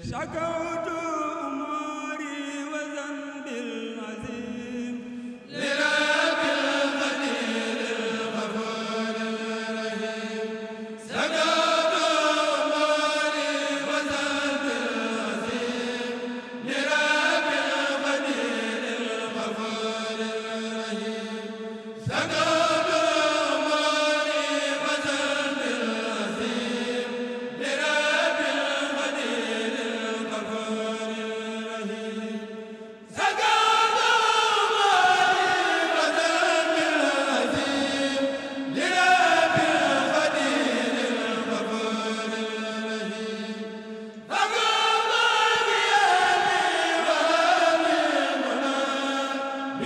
Shaka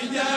bi